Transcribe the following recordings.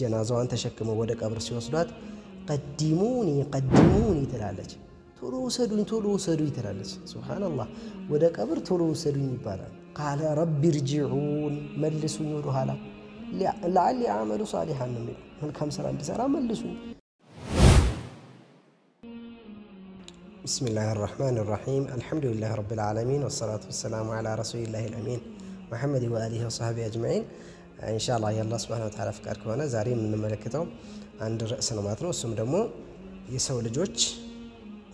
ጀናዛዋን ተሸክመው ወደ ቀብር ሲወስዷት ቀዲሙኒ ቀዲሙኒ ትላለች። ቶሎ ውሰዱኝ ቶሎ ውሰዱኝ ትላለች። ሱብሓነላህ ወደ ቀብር ቶሎ ውሰዱኝ ይባላል። ቃለ ረቢ ርጅዑን መልሱኝ ወደ ኋላ ለዓሊ አመሉ ሳሊሐን ነው የሚለው መልካም ስራ እንዲሰራ መልሱኝ። ብስሚላህ ራሕማን ራሒም አልሐምዱሊላህ ረብ ልዓለሚን ወሰላቱ ወሰላሙ ዓላ ረሱሊላህ ልአሚን መሐመድ ወአሊሂ ወሰሕቢ አጅማዒን እንሻላ የአላህ ስብሃነሁ ወተዓላ ፍቃድ ከሆነ ዛሬ የምንመለከተው አንድ ርዕስ ነው ማለት ነው። እሱም ደግሞ የሰው ልጆች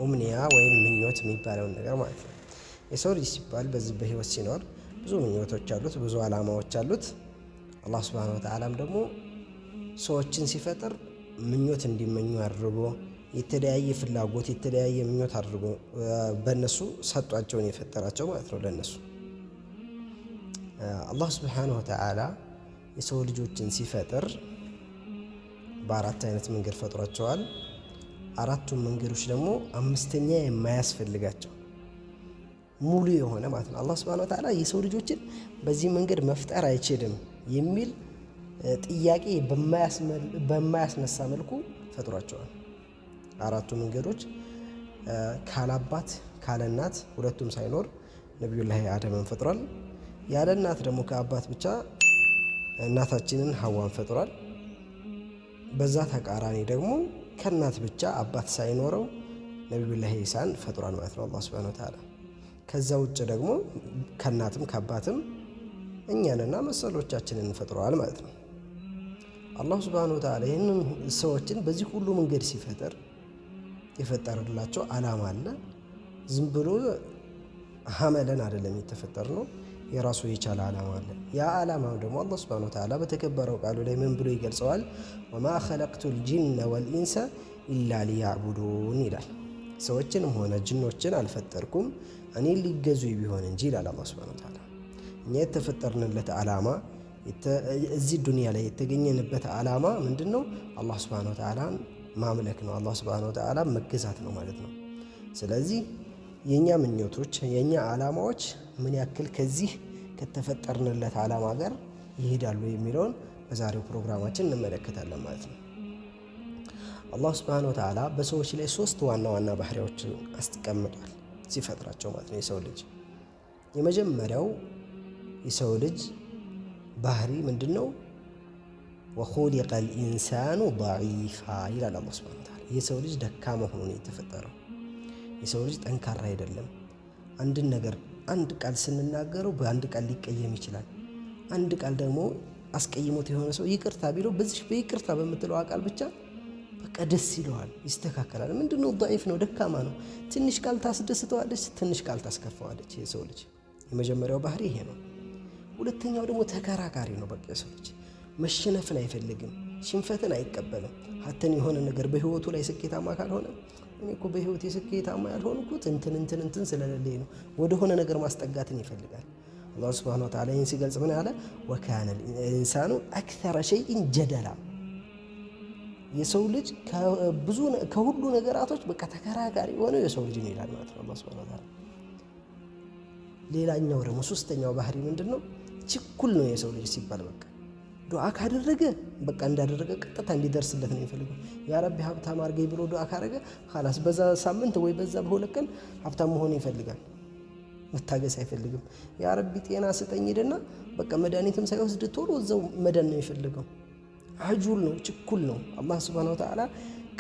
ኡምኒያ ወይም ምኞት የሚባለውን ነገር ማለት ነው። የሰው ልጅ ሲባል በዚህ በህይወት ሲኖር ብዙ ምኞቶች አሉት፣ ብዙ አላማዎች አሉት። አላህ ስብሃነሁ ወተዓላም ደግሞ ሰዎችን ሲፈጥር ምኞት እንዲመኙ አድርጎ የተለያየ ፍላጎት የተለያየ ምኞት አድርጎ በእነሱ ሰጧቸውን የፈጠራቸው ማለት ነው። ለእነሱ አላህ ስብሃነሁ ወተዓላ የሰው ልጆችን ሲፈጥር በአራት አይነት መንገድ ፈጥሯቸዋል። አራቱም መንገዶች ደግሞ አምስተኛ የማያስፈልጋቸው ሙሉ የሆነ ማለት ነው። አላህ ሱብሃነሁ ወተዓላ የሰው ልጆችን በዚህ መንገድ መፍጠር አይችልም የሚል ጥያቄ በማያስነሳ መልኩ ፈጥሯቸዋል። አራቱ መንገዶች ካላባት ካለናት ሁለቱም ሳይኖር ነቢዩላህ አደምን ፈጥሯል። ያለ እናት ደግሞ ከአባት ብቻ እናታችንን ሀዋን ፈጥሯል። በዛ ተቃራኒ ደግሞ ከእናት ብቻ አባት ሳይኖረው ነቢዩላህ ኢሳን ፈጥሯል ማለት ነው አላህ ሱብሓነሁ ወተዓላ። ከዛ ውጭ ደግሞ ከእናትም ከአባትም እኛንና መሰሎቻችንን ፈጥሯል ማለት ነው። አላሁ ሱብሓነሁ ወተዓላ ይህንን ሰዎችን በዚህ ሁሉ መንገድ ሲፈጥር የፈጠረላቸው አላማ አለ። ዝም ብሎ ሀመለን አይደለም የተፈጠር ነው የራሱ የቻለ ዓላማ አለ። ያ ዓላማው ደግሞ አላህ ስብሃነ ወተዓላ በተከበረው ቃሉ ላይ ምን ብሎ ይገልጸዋል? ወማ ኸለቅቱ ልጅነ ወልኢንሰ ኢላ ሊያዕቡዱን ይላል። ሰዎችንም ሆነ ጅኖችን አልፈጠርኩም እኔ ሊገዙ ቢሆን እንጂ ይላል አላህ ስብሃነ ወተዓላ። እኛ የተፈጠርንለት ዓላማ እዚህ ዱንያ ላይ የተገኘንበት ዓላማ ምንድን ነው? አላህ ስብሃነ ወተዓላን ማምለክ ነው። አላህ ስብሃነ ወተዓላ መገዛት ነው ማለት ነው። ስለዚህ የእኛ ምኞቶች የእኛ ዓላማዎች ምን ያክል ከዚህ ከተፈጠርንለት ዓላማ ጋር ይሄዳሉ የሚለውን በዛሬው ፕሮግራማችን እንመለከታለን ማለት ነው። አላህ ስብሐነ ወተዓላ በሰዎች ላይ ሶስት ዋና ዋና ባህሪያዎች አስቀምጧል ሲፈጥራቸው ማለት ነው። የሰው ልጅ የመጀመሪያው የሰው ልጅ ባህሪ ምንድን ነው? ወኹሊቀል ኢንሳኑ ደዒፋ ይላል አላህ ስብሐነ ወተዓላ። የሰው ልጅ ደካማ ሆኖ የተፈጠረው። የሰው ልጅ ጠንካራ አይደለም። አንድን ነገር አንድ ቃል ስንናገረው በአንድ ቃል ሊቀየም ይችላል። አንድ ቃል ደግሞ አስቀይሞት የሆነ ሰው ይቅርታ ቢለው በዚህ በይቅርታ በምትለው ቃል ብቻ በቃ ደስ ይለዋል፣ ይስተካከላል። ምንድነው ዳዒፍ ነው፣ ደካማ ነው። ትንሽ ቃል ታስደስተዋለች፣ ትንሽ ቃል ታስከፋዋለች። የሰው ልጅ የመጀመሪያው ባህሪ ይሄ ነው። ሁለተኛው ደግሞ ተከራካሪ ነው። በቃ የሰው ልጅ መሸነፍን አይፈልግም፣ ሽንፈትን አይቀበልም። ሀተን የሆነ ነገር በህይወቱ ላይ ስኬታማ ካልሆነ እኔ እኮ በህይወት የስኬታማ ያልሆንኩት እንትን እንትን እንትን ስለሌለኝ ነው። ወደሆነ ነገር ማስጠጋትን ይፈልጋል። አላህ ስብሃነ ወተዓላ ይህን ሲገልጽ ምን አለ? ወካነ ኢንሳኑ አክተረ ሸይን ጀደላ። የሰው ልጅ ከሁሉ ነገራቶች በቃ ተከራካሪ የሆነው የሰው ልጅ ነው ይላል ማለት ነው አላህ ስብሃነ ወተዓላ። ሌላኛው ደግሞ ሶስተኛው ባህሪ ምንድን ነው? ችኩል ነው የሰው ልጅ ሲባል በቃ ዱዓ ካደረገ በቃ እንዳደረገ ቀጥታ እንዲደርስለት ነው የሚፈልገው። የአረቢ ሀብታም አድርገኝ ብሎ ዱዓ ካደረገ ላስ በዛ ሳምንት ወይ በዛ በሁለት ቀን ሀብታም መሆን ይፈልጋል። መታገስ አይፈልግም። ያረቢ ጤና ስጠኝ በቃ መድኃኒትም ሳይወስድ ቶሎ እዛው መዳን ነው የሚፈልገው። አጁል ነው፣ ችኩል ነው። አላህ ሱብሃነሁ ወተዓላ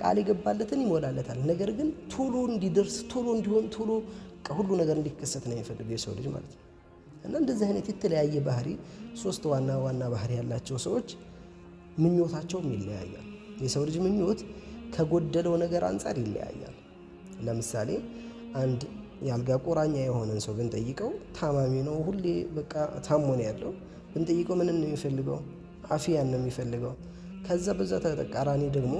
ቃል የገባለትን ይሞላለታል። ነገር ግን ቶሎ እንዲደርስ ቶሎ እንዲሆን ቶሎ ሁሉ ነገር እንዲከሰት ነው የሚፈልገው የሰው ልጅ ማለት ነው። እና እንደዚህ አይነት የተለያየ ባህሪ ሶስት ዋና ዋና ባህሪ ያላቸው ሰዎች ምኞታቸውም ይለያያል። የሰው ልጅ ምኞት ከጎደለው ነገር አንጻር ይለያያል። ለምሳሌ አንድ የአልጋ ቁራኛ የሆነን ሰው ብንጠይቀው ታማሚ ነው፣ ሁሌ በቃ ታሞ ነው ያለው። ብንጠይቀው ምንን ነው የሚፈልገው? አፊያን ነው የሚፈልገው። ከዛ በዛ ተቃራኒ ደግሞ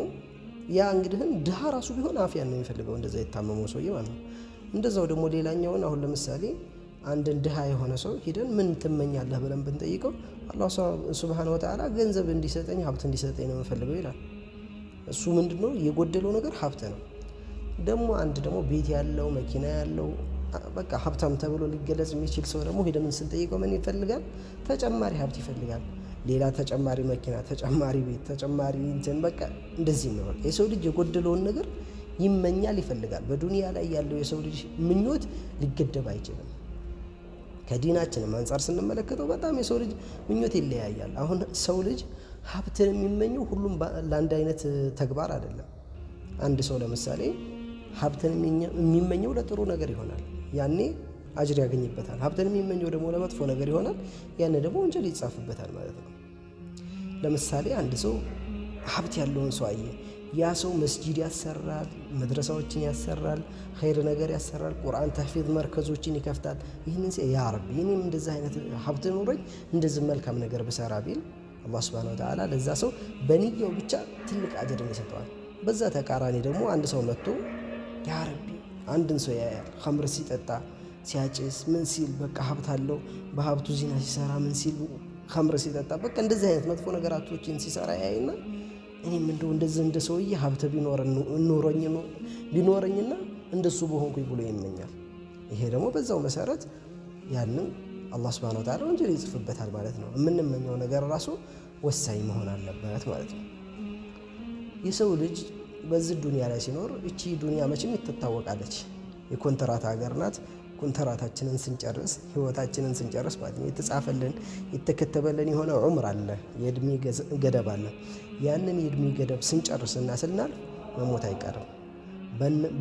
ያ እንግዲህን ድሃ ራሱ ቢሆን አፊያን ነው የሚፈልገው፣ እንደዛ የታመመው ሰውዬ ማለት ነው። እንደዛው ደግሞ ሌላኛውን አሁን ለምሳሌ አንድን ድሃ የሆነ ሰው ሂደን ምን ትመኛለህ ብለን ብንጠይቀው አላህ ስብሃነ ወተዓላ ገንዘብ እንዲሰጠኝ ሀብት እንዲሰጠኝ ነው የምፈልገው ይላል። እሱ ምንድነው የጎደለው ነገር ሀብት ነው። ደግሞ አንድ ደግሞ ቤት ያለው መኪና ያለው በቃ ሀብታም ተብሎ ሊገለጽ የሚችል ሰው ደግሞ ሂደን ስንጠይቀው ምን ይፈልጋል? ተጨማሪ ሀብት ይፈልጋል። ሌላ ተጨማሪ መኪና፣ ተጨማሪ ቤት፣ ተጨማሪ እንትን በቃ እንደዚህ ነው። የሰው ልጅ የጎደለውን ነገር ይመኛል፣ ይፈልጋል። በዱንያ ላይ ያለው የሰው ልጅ ምኞት ሊገደብ አይችልም። ከዲናችንም አንጻር ስንመለከተው በጣም የሰው ልጅ ምኞት ይለያያል። አሁን ሰው ልጅ ሀብትን የሚመኘው ሁሉም ለአንድ አይነት ተግባር አይደለም። አንድ ሰው ለምሳሌ ሀብትን የሚመኘው ለጥሩ ነገር ይሆናል፣ ያኔ አጅር ያገኝበታል። ሀብትን የሚመኘው ደግሞ ለመጥፎ ነገር ይሆናል፣ ያኔ ደግሞ ወንጀል ይጻፍበታል ማለት ነው። ለምሳሌ አንድ ሰው ሀብት ያለውን ሰው አየ፣ ያ ሰው መስጂድ ያሰራል፣ መድረሳዎችን ያሰራል፣ ኸይር ነገር ያሰራል፣ ቁርአን ተህፊዝ መርከዞችን ይከፍታል። ይህንን ያ ረቢ እኔም እንደዚህ አይነት ሀብት ኖረኝ እንደዚህ መልካም ነገር ብሰራ ቢል አላህ ሱብሓነሁ ወተዓላ ለዛ ሰው በንያው ብቻ ትልቅ አጀር ይሰጠዋል። በዛ ተቃራኒ ደግሞ አንድ ሰው መጥቶ ያ ረቢ አንድን ሰው ያያል፣ ኸምር ሲጠጣ ሲያጭስ ምን ሲል በቃ ሀብት አለው፣ በሀብቱ ዚና ሲሰራ ምን ሲል ኸምር ሲጠጣ በቃ እንደዚህ አይነት መጥፎ ነገራቶችን ሲሰራ ያይና እኔም እንደው እንደዚህ እንደ ሰውዬ ሀብተ ቢኖረኝ ቢኖረኝና እንደሱ በሆንኩኝ ብሎ ይመኛል። ይሄ ደግሞ በዛው መሰረት ያንን አላህ ስብሃነ ወተዓላ ወንጀል ይጽፍበታል ማለት ነው። የምንመኘው ነገር ራሱ ወሳኝ መሆን አለበት ማለት ነው። የሰው ልጅ በዚህ ዱንያ ላይ ሲኖር እቺ ዱንያ መቼም ትታወቃለች። የኮንትራት ሀገር ናት። ኩንትራታችንን ስንጨርስ ህይወታችንን ስንጨርስ ማለት ነው የተጻፈልን የተከተበልን የሆነ ዑምር አለ፣ የእድሜ ገደብ አለ። ያንን የእድሜ ገደብ ስንጨርስ እና ስናል መሞት አይቀርም።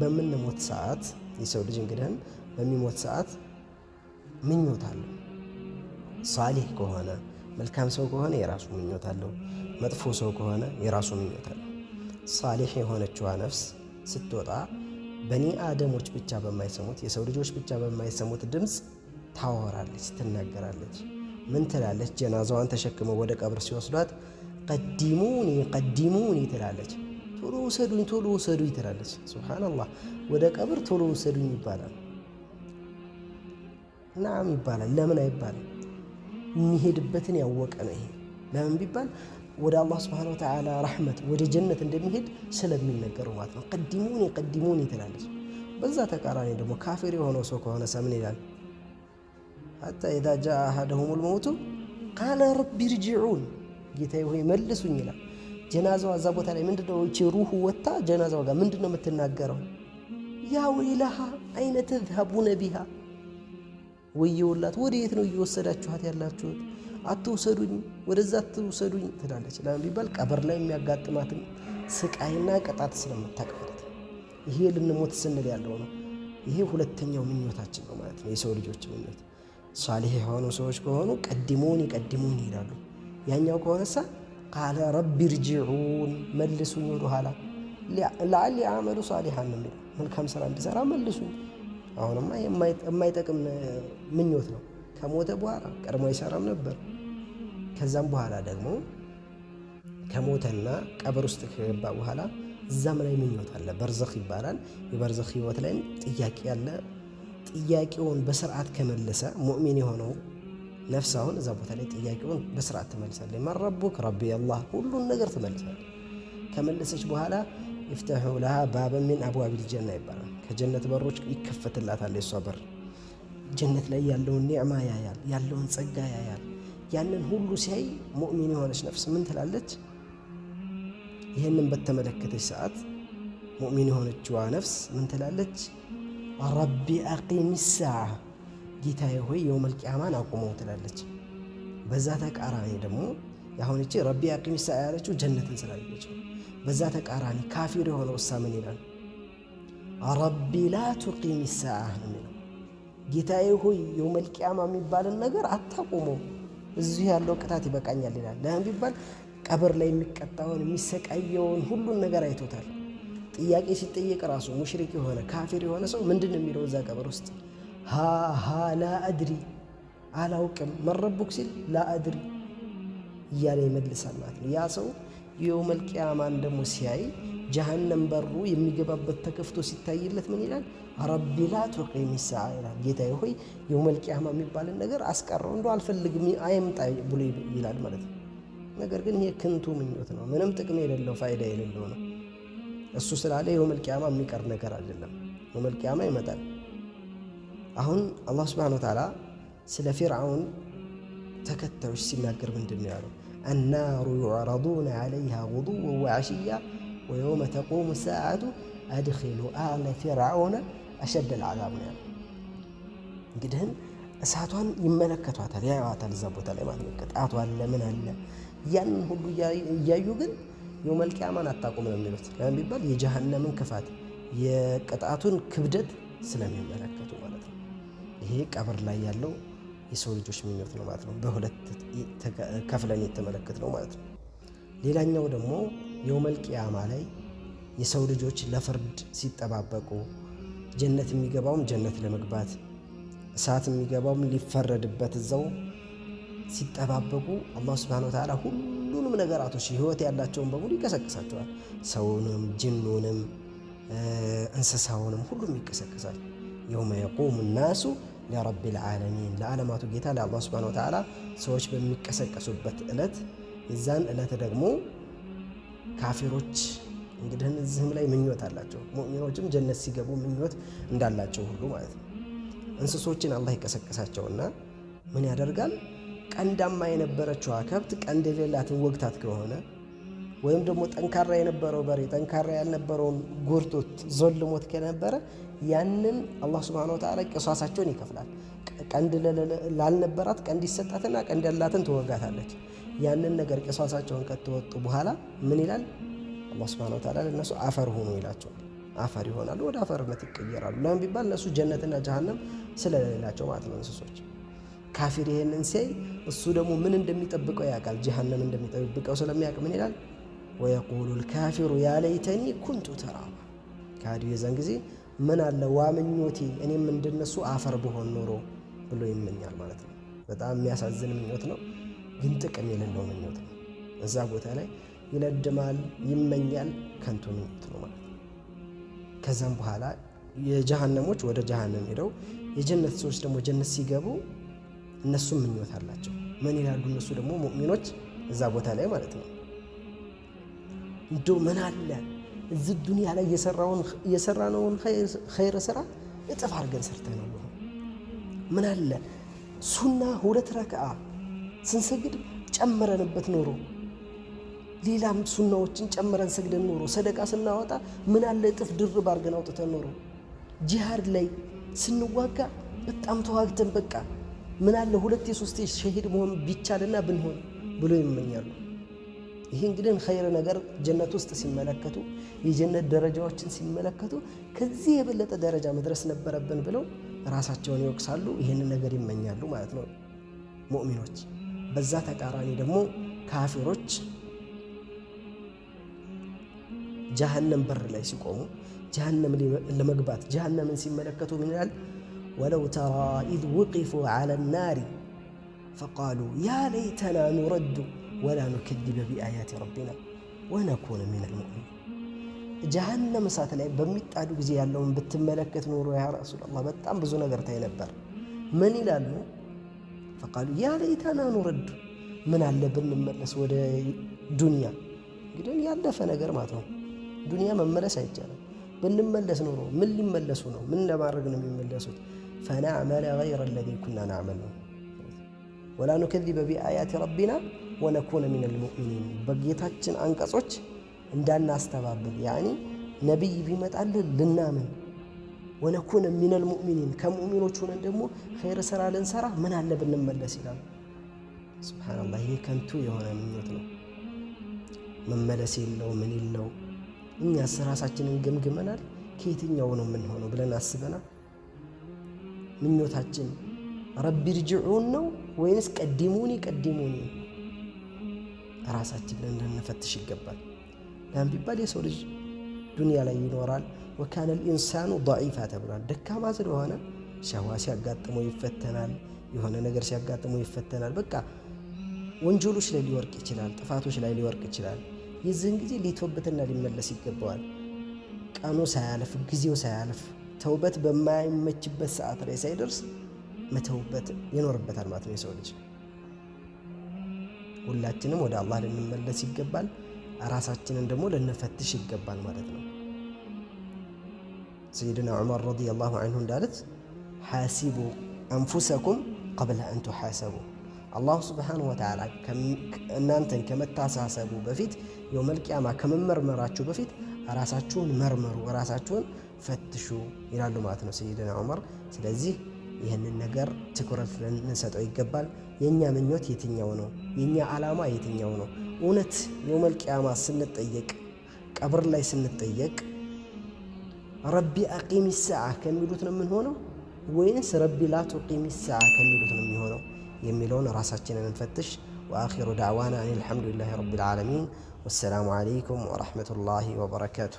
በምንሞት ሰዓት የሰው ልጅ እንግዲህን በሚሞት ሰዓት ምኞት አለው። ሳሊህ ከሆነ መልካም ሰው ከሆነ የራሱ ምኞት አለው። መጥፎ ሰው ከሆነ የራሱ ምኞት አለው። ሳሊህ የሆነችዋ ነፍስ ስትወጣ በኔ አደሞች ብቻ በማይሰሙት የሰው ልጆች ብቻ በማይሰሙት ድምፅ ታወራለች፣ ትናገራለች። ምን ትላለች? ጀናዛዋን ተሸክመው ወደ ቀብር ሲወስዷት ቀዲሙኒ ቀዲሙኒ ትላለች። ቶሎ ውሰዱኝ፣ ቶሎ ውሰዱኝ ትላለች። ሱብሓነላህ ወደ ቀብር ቶሎ ውሰዱኝ ይባላል። ናም ይባላል። ለምን አይባልም? የሚሄድበትን ያወቀ ነው ይሄ። ለምን ቢባል ወደ አላህ ስብሐነሁ ወተዓላ ረሕመት ወደ ጀነት እንደሚሄድ ስለሚነገረው ማለት ነው። ቀዲሙኒ ቀዲሙኒ ትላለች። በዛ ተቃራኒ ደግሞ ካፊር የሆነው ሰው ከሆነ ምን ይላል? ሐታ ኢዛ ጃአ አሐደሁሙል መውቱ ቃለ ረቢ ርጅዑን፣ ጌታዬ ሆይ መልሱኝ ይላል። ጀናዛዋ እዛ ቦታ ላይ ምንድነው እቺ ሩሁ ወጥታ ጀናዛዋ ጋር ምንድነው የምትናገረው? ያ ወይለሃ አይነ ተዝሀቡነ ቢሃ፣ ወየውላት ወደ የት ነው እየወሰዳችኋት ያላችሁት አትውሰዱኝ፣ ወደዛ አትውሰዱኝ ትላለች። ለምን ቢባል ቀበር ላይ የሚያጋጥማትን ስቃይና ቅጣት ስለምታውቅ ማለት ነው። ይሄ ልንሞት ስንል ያለው ነው። ይሄ ሁለተኛው ምኞታችን ነው ማለት ነው። የሰው ልጆች ምኞት ሷሊህ የሆኑ ሰዎች ከሆኑ ቀድሞን ይቀድሙን ይሄዳሉ። ያኛው ከሆነሳ ቃለ ረቢ ርጅዑን መልሱኝ ወደ ኋላ ለአል አመሉ ሷሊሃን ነው መልካም ስራ እንዲሰራ መልሱኝ። አሁንማ የማይጠቅም ምኞት ነው። ከሞተ በኋላ ቀድሞ አይሰራም ነበር። ከዛም በኋላ ደግሞ ከሞተና ቀብር ውስጥ ከገባ በኋላ እዛም ላይ ምኞት አለ፣ በርዘኽ ይባላል። የበርዘኽ ህይወት ላይም ጥያቄ አለ። ጥያቄውን በስርዓት ከመለሰ ሙእሚን የሆነው ነፍስ አሁን እዛ ቦታ ላይ ጥያቄውን በስርዓት ትመልሳለች። ማን ረቡክ? ረቢ አላህ። ሁሉን ነገር ትመልሳለች። ከመለሰች በኋላ ይፍተሑ ለሃ ባበ ሚን አብዋቢል ጀና ይባላል። ከጀነት በሮች ይከፈትላታል። የሷ በር ጀነት ላይ ያለውን ኒዕማ ያያል፣ ያለውን ጸጋ ያያል። ያንን ሁሉ ሲያይ ሙእሚን የሆነች ነፍስ ምን ትላለች? ይህንን በተመለከተች ሰዓት ሙእሚን የሆነችዋ ነፍስ ምን ትላለች? ረቢ አቂም ሰዓ ጌታዬ ሆይ የውመል ቂያማን አቁመው ትላለች። በዛ ተቃራኒ ደግሞ የአሁንቺ ረቢ አቂም ሰዓ ያለችው ጀነትን ስላለች፣ በዛ ተቃራኒ ካፊር የሆነ ውሳ ምን ይላል? ረቢ ላ ቱቂም ሰዓ ነው የሚለው ጌታዬ ሆይ የውመል ቂያማ የሚባልን ነገር አታቁመው እዚህ ያለው ቅጣት ይበቃኛል ይላል። ለምን ቢባል ቀብር ላይ የሚቀጣውን የሚሰቃየውን ሁሉን ነገር አይቶታል። ጥያቄ ሲጠየቅ ራሱ ሙሽሪክ የሆነ ካፊር የሆነ ሰው ምንድን ነው የሚለው እዛ ቀብር ውስጥ? ሃሃ ላ አድሪ አላውቅም፣ መረቡክ ሲል ላ አድሪ እያለ ይመልሳል ማለት ነው። ያ ሰው የውመል ቂያማን ደግሞ ሲያይ ጀሀነም በሩ የሚገባበት ተከፍቶ ሲታይለት ምን ይላል? ረቢ ላ ቱቂም ሰዓ ይላል። ጌታዬ ሆይ የውመል ቂያማ የሚባልን ነገር አስቀረው እንዶ አልፈልግም አይምጣ ብሎ ይላል ማለት ነው። ነገር ግን ይሄ ክንቱ ምኞት ነው። ምንም ጥቅም የሌለው ፋይዳ የሌለው ነው። እሱ ስላለ የውመል ቂያማ የሚቀር ነገር አይደለም። የውመል ቂያማ ይመጣል። አሁን አላህ ስብሐነሁ ወተዓላ ስለ ፊርዓውን ተከታዮች ሲናገር ምንድን ነው ያለው? አናሩ ዩዕረዱነ ዐለይሃ ጉዱወን ወዐሽያ ወየውመ ተቁሙ ሰዓቱ አድኺሉ አለ ፊርዐውነ አሸደል ዓዛብ ነው ያለ። እንግዲህም እሳቷን ይመለከቷታል፣ ያዩዋታል፣ እዛ ቦታ ላይ ማለት ነው። ቅጣቱ አለ ምን አለ ያን ሁሉ እያዩ ግን የውመል ቂያማን አታቁም ነው የሚሉት። ለምን ቢባል የጀሃነምን ክፋት የቅጣቱን ክብደት ስለሚመለከቱ ማለት ነው። ይሄ ቀብር ላይ ያለው የሰው ልጆች ምኞት ነው ማለት ነው። በሁለት ከፍለን የተመለከት ነው ማለት ነው። ሌላኛው ደግሞ የውመል ቂያማ ላይ የሰው ልጆች ለፍርድ ሲጠባበቁ ጀነት የሚገባውም ጀነት ለመግባት እሳት የሚገባውም ሊፈረድበት እዛው ሲጠባበቁ አላህ ስብሓነሁ ወተዓላ ሁሉንም ነገራቶች ህይወት ያላቸውን በሙሉ ይቀሰቅሳቸዋል። ሰውንም፣ ጅኑንም፣ እንስሳውንም ሁሉም ይቀሰቅሳል። የውመ የቁሙ ናሱ ሊረቢል ዓለሚን ለዓለማቱ ጌታ ለአላህ ስብሓነሁ ወተዓላ ሰዎች በሚቀሰቀሱበት ዕለት የዛን ዕለት ደግሞ ካፊሮች እንግዲህ እዚህም ላይ ምኞት አላቸው። ሙእሚኖችም ጀነት ሲገቡ ምኞት እንዳላቸው ሁሉ ማለት ነው። እንስሶችን አላህ ይቀሰቀሳቸውና ምን ያደርጋል? ቀንዳማ የነበረችው ከብት ቀንድ የሌላትን ወግታት ከሆነ ወይም ደግሞ ጠንካራ የነበረው በሬ ጠንካራ ያልነበረውን ጎርቶት ዞልሞት ከነበረ ያንን አላህ ስብሃነ ወተዓላ ቅሳሳቸውን ይከፍላል። ቀንድ ላልነበራት ቀንድ ይሰጣትና ቀንድ ያላትን ትወጋታለች። ያንን ነገር ቅሳሳቸውን ከተወጡ በኋላ ምን ይላል አላህ ስብሃነ ወተዓላ? ለእነሱ አፈር ሆኑ ይላቸዋል። አፈር ይሆናሉ፣ ወደ አፈርነት ይቀየራሉ። ለምን ቢባል እነሱ ጀነትና ጀሃነም ስለሌላቸው ማለት ነው እንስሶች። ካፊር ይሄንን ሲያይ እሱ ደግሞ ምን እንደሚጠብቀው ያውቃል። ጀሃነም እንደሚጠብቀው ስለሚያውቅ ምን ይላል? ወየቁሉ ልካፊሩ ያ ኩንቱ ተራባ ካዲሁ የዛን ጊዜ ምን አለ ዋምኞቴ እኔም እንደነሱ አፈር ብሆን ኖሮ ብሎ ይመኛል ማለት ነው። በጣም የሚያሳዝን ምኞት ነው፣ ግን ጥቅም የሌለው ምኞት ነው። እዛ ቦታ ላይ ይለድማል፣ ይመኛል፣ ከንቱ ምኞት ነው ማለት ነው። ከዛም በኋላ የጀሃነሞች ወደ ጀሃነም ሄደው የጀነት ሰዎች ደግሞ ጀነት ሲገቡ እነሱም ምኞት አላቸው። ምን ይላሉ እነሱ ደግሞ ሙእሚኖች እዛ ቦታ ላይ ማለት ነው እንዶ ምን አለ እዚህ ዱንያ ላይ የሰራነውን ኸይር ስራ እጥፍ አድርገን ሰርተናል። ምን አለ ሱና ሁለት ረክዓ ስንሰግድ ጨምረንበት ኖሮ ሌላም ሱናዎችን ጨምረን ሰግደን ኖሮ ሰደቃ ስናወጣ ምን አለ እጥፍ ድርብ አድርገን አውጥተን ኖሮ ጂሃድ ላይ ስንዋጋ በጣም ተዋግተን በቃ ምን አለ ሁለት የሶስት ሸሂድ መሆን ቢቻልና ብንሆን ብሎ ይመኛሉ። ይህ እንግዲህ ኸይር ነገር ጀነት ውስጥ ሲመለከቱ የጀነት ደረጃዎችን ሲመለከቱ ከዚህ የበለጠ ደረጃ መድረስ ነበረብን ብለው ራሳቸውን ይወቅሳሉ። ይህንን ነገር ይመኛሉ ማለት ነው ሙእሚኖች። በዛ ተቃራኒ ደግሞ ካፊሮች ጀሃነም በር ላይ ሲቆሙ ጀሃነም ለመግባት ጀሃነምን ሲመለከቱ ምን ይላል? ወለው ተራ ኢዝ ውቂፉ ዐለ ናሪ ፈቃሉ ያ ለይተና ኑረዱ ወላ ኑከዚበ ቢአያት ረቢና ወነኩነ ሚነል ሙእሚኒን። ጀሃነም እሳት ላይ በሚጣዱ ጊዜ ያለውን ብትመለከት ኖሮ ያ ረሱላላህ በጣም ብዙ ነገር ታይ ነበር። ምን ይላሉ? ፈቃሉ ያ ለይተና ኑረዱ፣ ምን አለ ብንመለስ ወደ ዱንያ። እንግዲህ ያለፈ ነገር ማለት ነው። ዱንያ መመለስ አይቻልም። ብንመለስ ኖሮ ምን ሊመለሱ ነው? ምን ለማድረግ ነው የሚመለሱት? ፈናዕመለ ገይረ ለዚ ኩና ናዕመል ነው ወላ ኑከዚበ ቢአያት ረቢና ወነኮነ ሚነል ሙእሚኒን በጌታችን አንቀጾች እንዳናስተባብል ያኒ ነቢይ ቢመጣልን ልናምን ወነኮነ ሚነል ሙእሚኒን ከሙእሚኖች ሆነን ደግሞ ኸይር ስራ ልንሰራ ምን አለ ብንመለስ ይላል። ሱብሓነላህ ይህ ከንቱ የሆነ ምኞት ነው። መመለስ የለው ምን የለው። እኛስ ራሳችንን ገምግመናል? ከየትኛው ነው የምንሆነው ብለን አስበናል? ምኞታችን ረቢ ርጅዑን ነው ወይንስ ቀዲሙኒ ቀዲሙኒ ራሳችን ልንፈትሽ ይገባል። ለምን ቢባል የሰው ልጅ ዱንያ ላይ ይኖራል። ወካነ ልኢንሳኑ ضዒፋ ተብሏል። ደካማ ስለሆነ ሸዋ ሲያጋጥመው ይፈተናል። የሆነ ነገር ሲያጋጥመው ይፈተናል። በቃ ወንጀሎች ላይ ሊወርቅ ይችላል። ጥፋቶች ላይ ሊወርቅ ይችላል። የዚህን ጊዜ ሊተውበትና ሊመለስ ይገባዋል። ቀኑ ሳያልፍ ጊዜው ሳያልፍ ተውበት በማይመችበት ሰዓት ላይ ሳይደርስ መተውበት ይኖርበታል ማለት ነው የሰው ልጅ ሁላችንም ወደ አላህ ልንመለስ ይገባል። ራሳችንን ደግሞ ልንፈትሽ ይገባል ማለት ነው። ሰይድና ዑመር ረዲየላሁ አንሁ እንዳለት ሓሲቡ አንፉሰኩም ቀብለ አን ቱሓሰቡ፣ አላሁ ስብሓነሁ ወተዓላ እናንተን ከመታሳሰቡ በፊት የውመልቅያማ ከመመርመራችሁ በፊት ራሳችሁን መርምሩ ራሳችሁን ፈትሹ ይላሉ ማለት ነው ሰይድና ዑመር። ስለዚህ ይህንን ነገር ትኩረት ልንሰጠው ይገባል። የእኛ ምኞት የትኛው ነው? የእኛ ዓላማ የትኛው ነው? እውነት የውመል ቂያማ ስንጠየቅ፣ ቀብር ላይ ስንጠየቅ ረቢ አቂሚ ሰዓ ከሚሉት ነው የምንሆነው ወይንስ ረቢ ላ ቱቂሚ ሰዓ ከሚሉት ነው የሚሆነው የሚለውን ራሳችንን እንፈትሽ። ወአኺሩ ዳዕዋና አን ረቢል ዓለሚን ወሰላሙ ዓለይኩም ወረሕመቱላሂ ወበረካቱ።